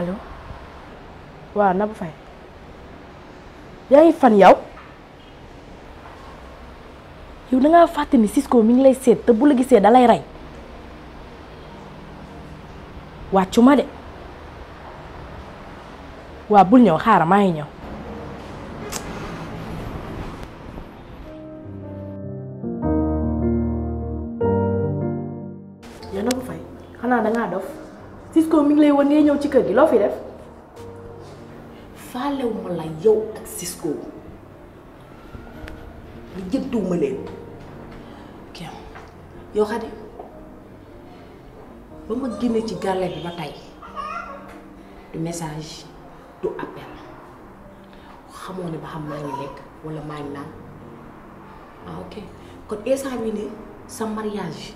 allo waaw Nabou Faye yaa ngi fan yow yow da ngaa fàtte ni Cisco mi ngi lay seet te bu la gisee da lay bul ngi woon ngay ñëw ci kër gi loo fi def faalewuma la yow ak Cisco li jëntuwuma leen kenn yow Xadi ba ma génne ci gàlle bi ba tey du message du appel xamoo ne ba xam maa ngi lekk wala maa ngi naan ah ok kon instant bi nii sa mariage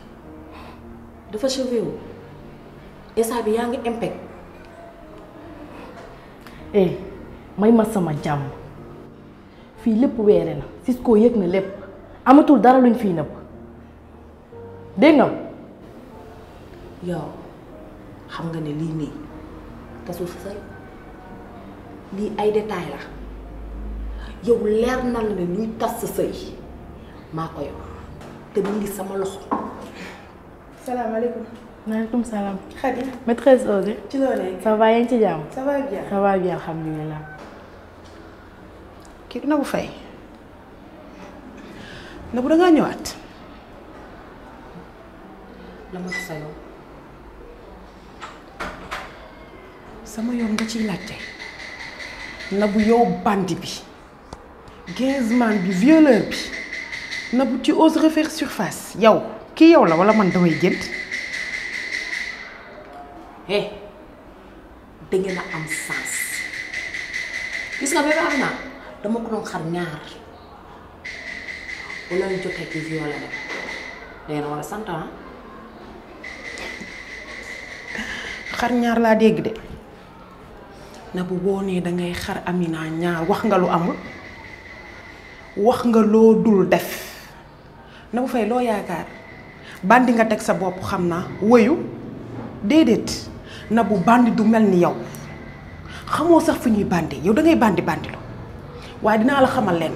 dafa chevé instant bi yaa ngi impec eh may ma sama jàmm fii lépp weere na Cisco yëg na lépp amatul dara luñ fii nëbb dégg nga yow xam nga ni lii nii tasul sa lii ay détail la yow leer na la luy tas sa sëy maa ko yor te mu ngi sama loxo salaamaaleykum maaleykum salaam. Khady. maîtresse Ozy. ci loo nekk ça va yaa ci jàmm. ça va bien ça va sama yoon nga ciy laajte. Nabou yow bandi bi. Gainsman bi violeur bi. Nabou tu oses refaire surface yow kii yow la wala man damay jënd. eh da ngeen a am sens gis nga bébé Amina dama ko doon xar ñaar wala ñu ah? xar ñaar laa dégg de na bu boo nee dangay ngay xar Amina ñaar wax nga lu amul wax nga loo dul def na fay loo yaakaar bandi nga teg sa bopp xam naa wëyu déedéet. na bu bandi du mel ni yow xamoo sax fu ñuy bandi yow dangay ngay bandi bandi waaye dinaa la xamal leen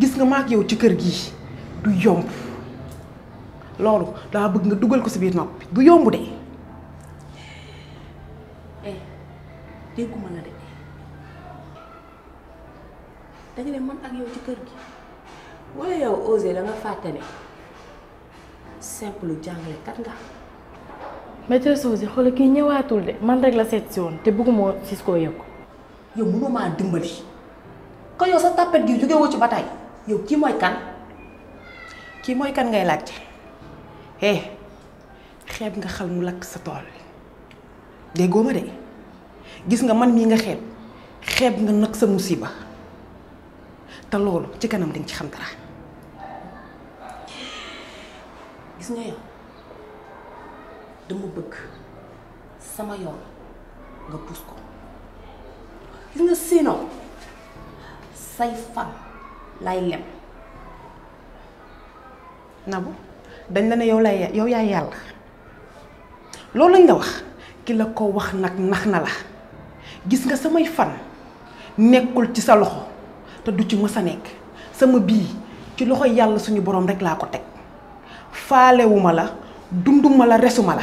gis nga maak yow ci kër gi du yomb loolu daa bëgg nga dugal ko si biir nopp bi du yomb de. eh dégguma la de dañu ne man ak yow ci kër gi wala yow osé la nga fàtte ne simple jàngalekat nga. maîtresse Ousseyn xoolal kii ñëwaatul de man rek la seet woon te bëgguma sis koo yëg. yow mënoo maa dimbali ko sa tàppet gi jóge woo ci bataay yow kii mooy kan kii mooy kan ngay laajte eh, xeeb nga xal mu lakk sa tool déggoo ma de gis nga man mii nga xeeb xeeb nga nag sa musiba te loolu ci kanam dañ ci xam dara gis nga dama bëgg sama yoon nga puus ko li nga séenoo say fan lay lem nabu dañ la ne yow lay yow yaay yàlla loolu lañ la wax ki la ko wax nag nax na la gis nga samay fan nekkul ci sa loxo te du ci mës a nekk sama bii ci loxo yàlla suñu boroom rekk laa ko teg faalewuma la dunduma la resuma la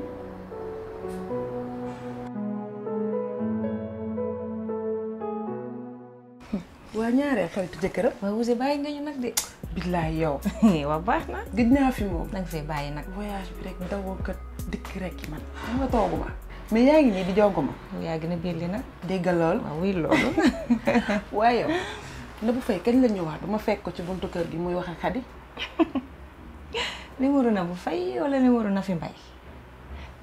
saa ñaaree xaritu jëkkëram. waaw Ouzin bàyyi nga ñu nag de. billaay yow. waaw baax na. gëj naa fi moom. na fee bàyyi nag. voyage bi rek dawoo kat dikk rek man xam nga mais yaa ngi nii di joggu ma. yaa gën a belli nag. dégg lool waaw wuy loolu. waaye yow na bu fay kañ la ñëwaat du ma fekk ko ci buntu kër gi muy wax ak Xadi. numéro na bu fay wala numéro na fi mbay.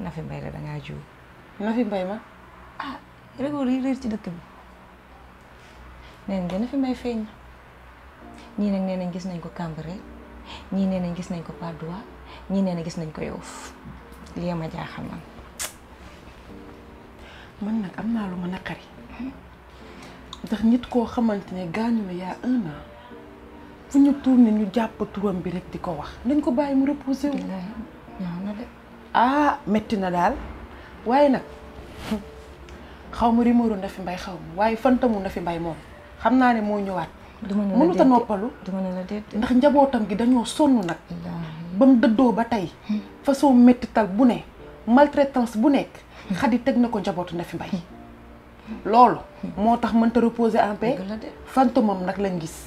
na fi mbay la da ngaa jiw. fi mbay ma ah réew réer ci dëkk bi. neen dina fi may feeñ nag nee nañ gis nañ ko Cambérène ñii nee nañ gis nañ ko Patte d'Oie ñii nee gis nañ ko Yoff lii am naa lu ma naqari nit koo xamante ne gaañu na yaa ñu tourné bi rek di ko wax nañ ko bàyyi mu metti na daal waaye nag xaw ma rimooru na fi mbay xaw ma waaye fantamu na fi mbay moom xam naa ne moo ñëwaat. mënut a noppalu ndax njabootam gi dañoo sonn nag ba mu dëddoo ba tey hmm. façon méttital bu ne maltraitance bu nekk hmm. xadi teg na ko njabootu na fi mbay hmm. loolu moo tax mënta reposer en paix fantomam nag lañ gis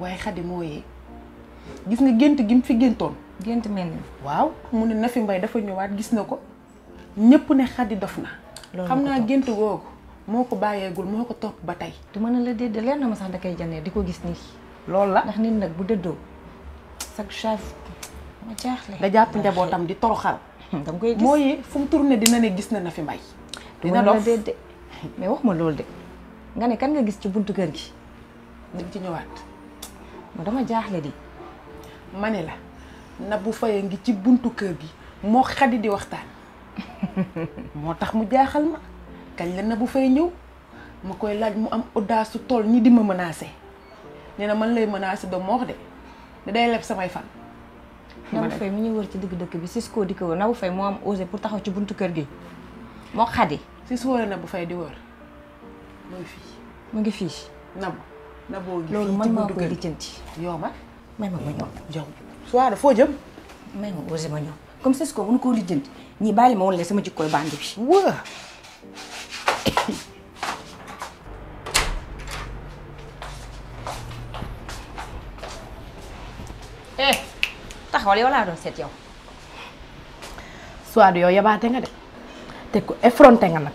waaye xadi moo yee gis nga gént gi mu fi géntoon gént mel waaw mu ne na fi mbay dafa ñëwaat gis na ko ñépp ne xadi dof na xam naa gént googu mau ke bàyyeegul moo ko ke ba batai du la na ma sax da di gis nii. loolu la ndax nit nag bu chef ma da di toroxal. dama koy gis mooy fu mu dina ne gis na na fi mbay. dina la dee mais wax ma loolu nga ne kan nga gis ci buntu kër gi. dañ ci ñëwaat. ma dama di. ma la na bu ngi ci buntu kër gi xadi di waxtaan moo mu jaaxal ma. kañ la na bu fay ñëw ma koy laaj mu am audace su toll ni di ma menacé nee na man lay menacé moo moox de da day leb samay fan. Nabou Faye mi ñuy wër ci digg dëkk bi Cisco di ko wër Nabou moo am osé pour taxaw ci buntu kër gi moo xadi. Cisco la Nabou Faye di wër mu ngi fii. mu ngi fii. Nabou Nabou ngi fii loolu man maa koy lijjanti. yow ma may ma ma ñëw. foo jëm. may ma osé ma ñëw comme Cisco bu ñu ko lijjanti ñii bàyyi ma woon la sama jikkooy bandi bi. taxawal yow laa doon seet yow. soit yow yabaate nga de te ku effronté nga nag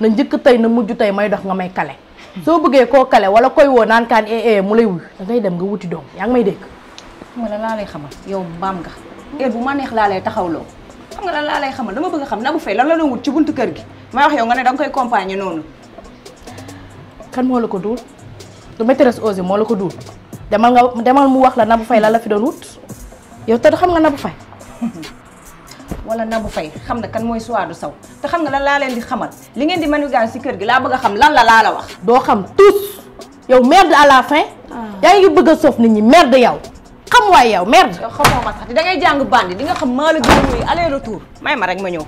na njëkk tey na mujj tey may dox nga may kale. soo bëggee koo kale wala koy woo naan kaan ee eh, eh, mu lay wuy da ngay dem nga wuti doom yaa ngi may dégg. xam nga lan laa lay xamal yow baam nga heure bu ma neex laa lay taxawloo xam nga la laa lay xamal dama bëgg xam na bu fay lan la doon wut ci buntu kër gi may wax yow nga ne danga koy compagner noonu. kan moo la ko duul du maîtresse Ousseyn moo la ko duul demal nga demal mu wax la na bu fay la la fi doon wut. yow te xam nga Nabou Faye wala Nabou Faye xam na kan mooy du saw te xam nga lan laa leen di xamal li ngeen di manigage si kër gi laa bëgg a xam lan la laa la wax. doo xam tous yow merde à la fin. Ah. yaa ngi bëgg a soof nit ñi merde yow. xam waay yow merde. yow xamoo ma sax dangay jàng bandi di nga xam maa la gën a muy aller may ma rek ma ñëw.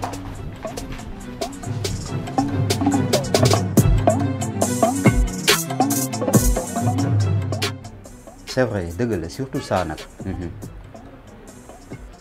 c'est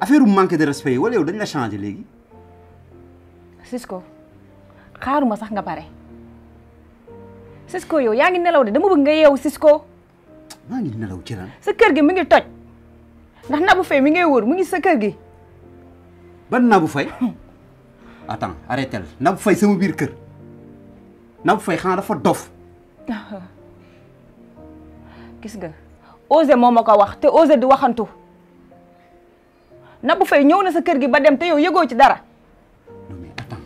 affaire manque de respect wala yow dañ la changé léegi. Cisco ma sax nga pare Cisco yow yaa ngi nelaw de dama bëgg nga yeewu Cisco. maa ngi nelaw ci lan. kër gi mi ngi toj ndax Nabou Faye mi ngay wër mu ngi sa kër gi. ban Nabou Faye. attends arrêtel Nabou Faye sama biir kër Nabou Faye xanaa dafa dof. gis nga Osé moo ma ko wax te Osé di waxantu. na bu fay ñëw na sa kër gi ba dem te yow yëgoo ci dara. non mais attends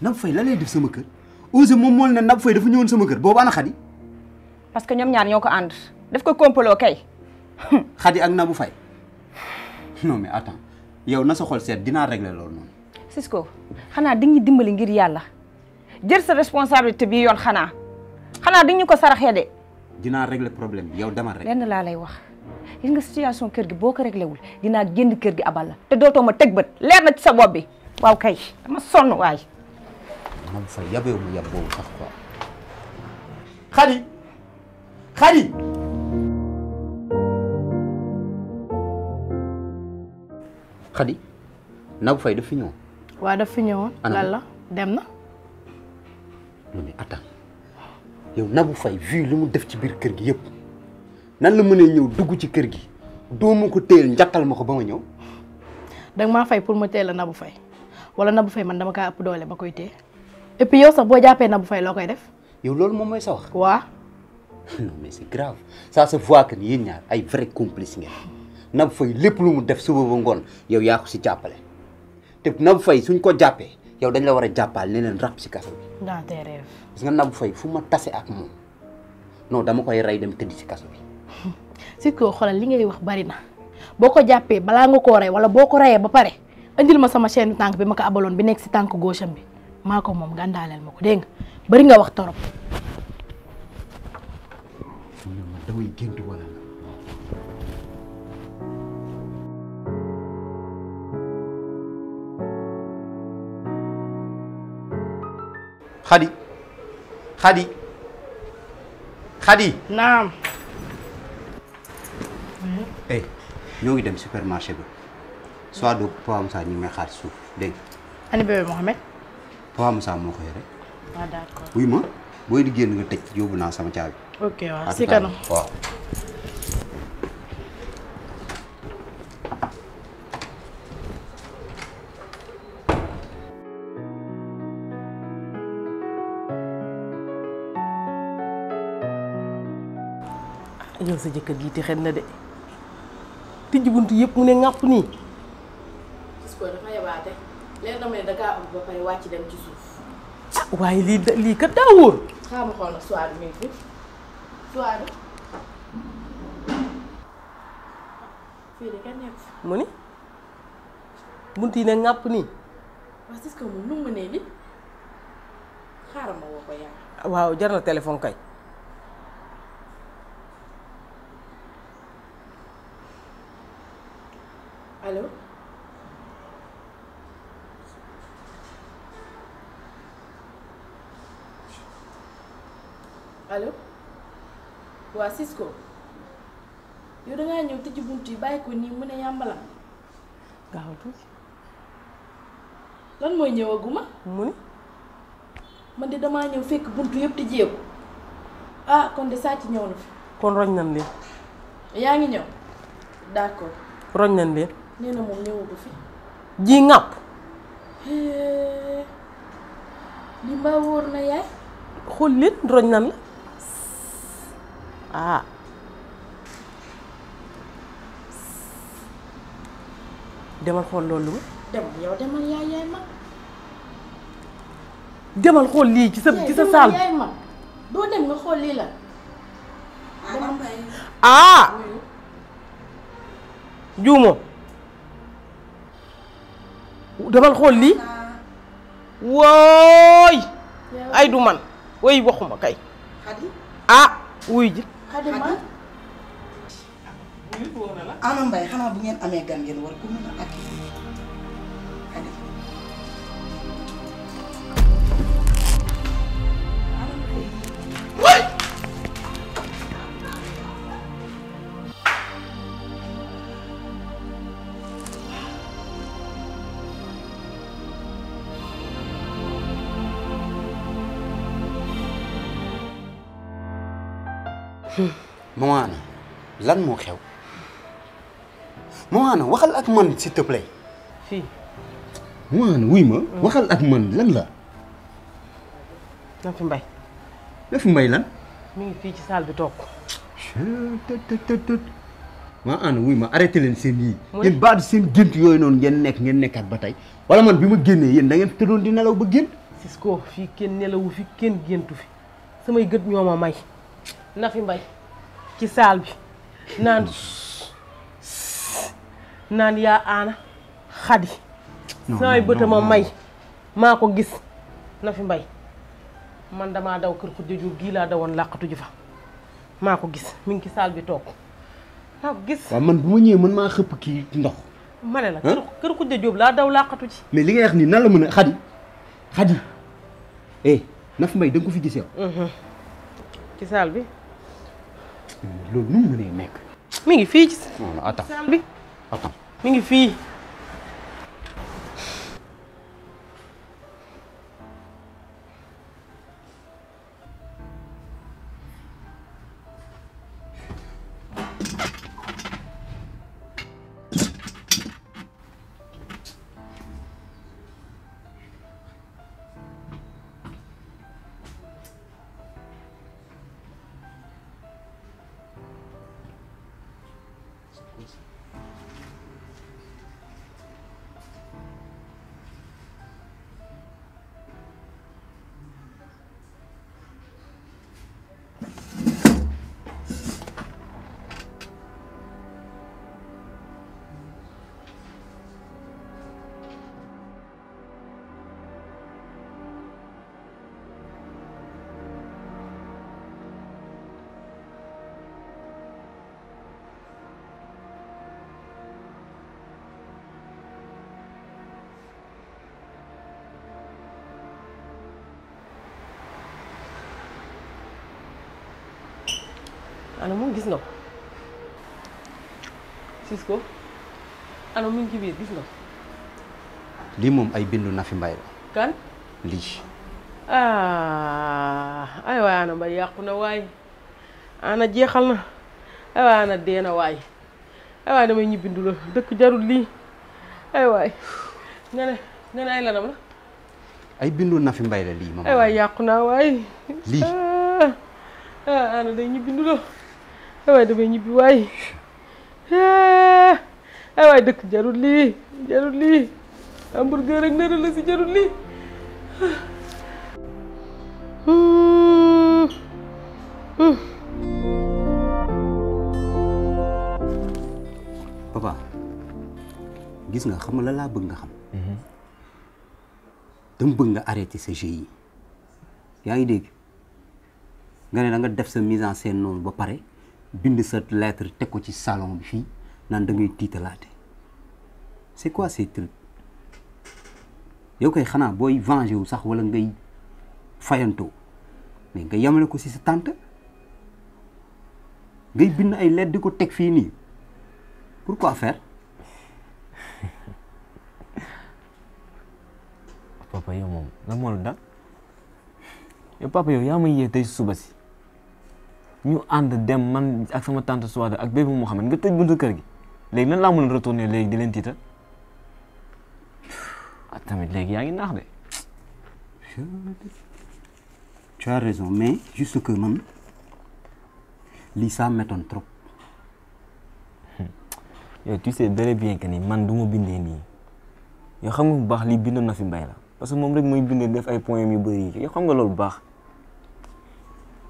Nabou Faye la lay def sama kër moom moo ne Nabou Faye dafa ñëwoon sama kër boobu ana Khady. parce que ñoom ñaar ñoo ko ànd daf ko complot kay. Khady ak na Faye fay mais attends yow na sa xol seet dinaa régler loolu noonu. ko xanaa di ñu dimbali ngir yàlla jël sa responsabilité bi yoon xanaa xanaa di ñu ko saraxee de. dinaa régler problème bi yow dama rek. laa lay wax. gis nga situation kër gi boo ko réglé wul dinaa génn kër gi abal la te dootoo ma teg bët leer na ci sa bopp bi waaw kay dama sonn waay. man fa yabee mu yab boobu sax quoi. xadi xadi. xadi Nabou Faye daf fi ñëwoon. waaw daf fi ñëwoon. lan dem na. non mais attends yow Nabou Faye vu def ci biir kër gi yëpp. nan la mënee ñëw dugg ci kër gi doomu ko teel njattal ma ko ba ma ñëw. danga maa fay pour ma teel a Nabou Faye wala Nabou Faye man dama kaa ëpp doole ma koy téye et yow sax boo jàppee Nabou Faye loo koy def. yow loolu moom mooy sa wax. waaw. non mais c'est ay vrai complice ngeen Nabou lépp lu mu def suba ba ngoon yow yaa ko si jàppale te Nabou Faye suñ ko jàppee yow dañ la war a jàppale ne leen si kaso bi. dans tes rêves. parce que fu ma tase ak moom non dama koy rey dem tëdd si kaso bi. Siteu xoolal li ngay wax bari na boo ko jàppee balaa nga koo rey wala boo ko reyee ba pare andil ma sama chaîne tànk bi ma ko abaloon bi nekk si tànk gauche am bi maa ko moom gàndaaleel ma ko dégg nga bari nga wax torop. damay gént wala eh ñoo ngi dem supermarché bi soit donc Papa Moussa ñu may xaar suuf dégg nga. ana bébé Mohamed. Papa Moussa moo ko yore. waaw ah, d'accord wuy di génn nga tëj yóbbu naa sama caabi. ok ah, sa jëkkër gi te xel na de. tijji buntu yëpp mu ne ŋàpp nii. gis ci suuf. ah waaye lii da lii kat daa wóor. mu ni buntu yi ne ŋàpp nii. waaw c'est ce que moom mu mënee li xaaral ma woo waaw jar na téléphone kay. waa Cisco yow e ya da ngaa ñëw tëj bunt yi bàyyi ko nii mu ne yàmbalam. gaaw tuuti. lan mooy ñëwaguma. mu ne. man de damaa ñëw fekk bunt yëpp di ah kon de sàcc ñëw na fi. kon roñ nan leen. yaa ngi ñëw d'accord. roñ nan leen. nee na moom fi. ji ŋàpp. li mbaa na yaay. xool leen roñ nan la. ah demal xool loolu ma demal yow lii ci sa ci sa saal la ah juumo demal xool lii wooy ay du man way waxuma kay ah wuy ji xadima ma ah, mbay xanaa bu ngeen amee gan yéen war ko mën a Moana lan moo xew Moana waxal ak man s'il te plaît. fii. Moana wuy ma. Mm. waxal ak man lan la. Nafi Mbaye. Nafi mbay lan. mu ngi fii ci salle bi toog. maa ànd wuy ma arrêté leen seen yii. yéen baat seen gént yooyu noonu ngeen nekk ngeen nekkaat ba tey. wala man bi ma génnee yéen da ngeen tëddoon di nelaw ba gént. Cisco fii kenn nelawu fi kenn géntu fi samay gët ñoo ma may. Nafi Mbaye ci saal bi naan naan yaa aana xadi samay bëtama may maa ko gis Nafi mbay man dama daw kër Khoudia Diouf gii laa dawoon làqatu ji fa maa ko gis mu ngi ci saal bi toog maa ko gis waaw man bu ma ñëwee man maa xëpp kii ndox ma ne la kër kër Khoudia laa daw làqatu ji mais li nga wax nii nan la mën a xadi xadi eh Nafi Mbaye da nga ko fi gis yow mhm. ci saal bi loolu nu mu mënee nekk. mi ngi fii ci. non non ngi fii. ana gis nga ko Cisco ana mu ngi gis nga ko. lii moom ay bindu Nafi Mbaye la. kan lii. ah aywa ana mbay yàqu na waay ana jeexal na aywa ana dee na waay aywa damay ñibbi ndu dëkk jarul lii aywaay nga ne nga ne ay lanam la. ay bindu Nafi Mbaye la lii moom. aywa yàqu naa waay. lii ah, ah ana day ñibbi ndu awai da ban yi biwaye awai da jarulli jarulli hamburgerin na gareng su jarulli Hmm. Hmm. papa gis nga xam la benggak bëgg nga xam mhm. dama bëgg nga arrêté sa jeu yi yaa ngi nga ne da nga def sa mise en scène ba pare bind sa lettre teg ko ci salon bi fii naan da tiitalaate c'est quoi ces yow koy xanaa booy venger wu sax wala ngay fayantoo mais nga yamale ko si sa tante ngay bind ay lettre di ko teg fii nii pourquoi faire papa yow moom lan moo la yow papa yow yaa may yee tey suba si ñu ànd dem man ak sama tante Souada ak bébé Mouhamed nga tëj buntu kër gi léegi lan laa mën a léegi di leen tiital ah tamit léegi yaa ngi naax de. tu as raison mais juste que man lii ça m'étonne trop. Hmm. yow tu sais bel et bien que ni man du ma bindee nii yow xam nga bu baax lii bindoon na fi mbay la parce que moom rek mooy bindee def ay points yu bëri yi yow xam nga loolu baax.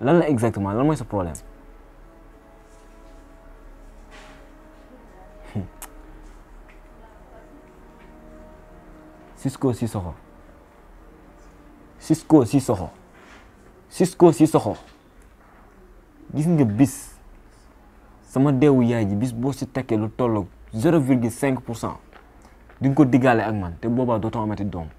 lan la exactement lan mooy sa problème Cisco si soxo Cissokho si soxo gis nga bis sama deewu yaay ji bis boo si tekkee lu tolloog zéro virgule cinq pour cent di ko diggaale ak man te boobaa dootoo amati doom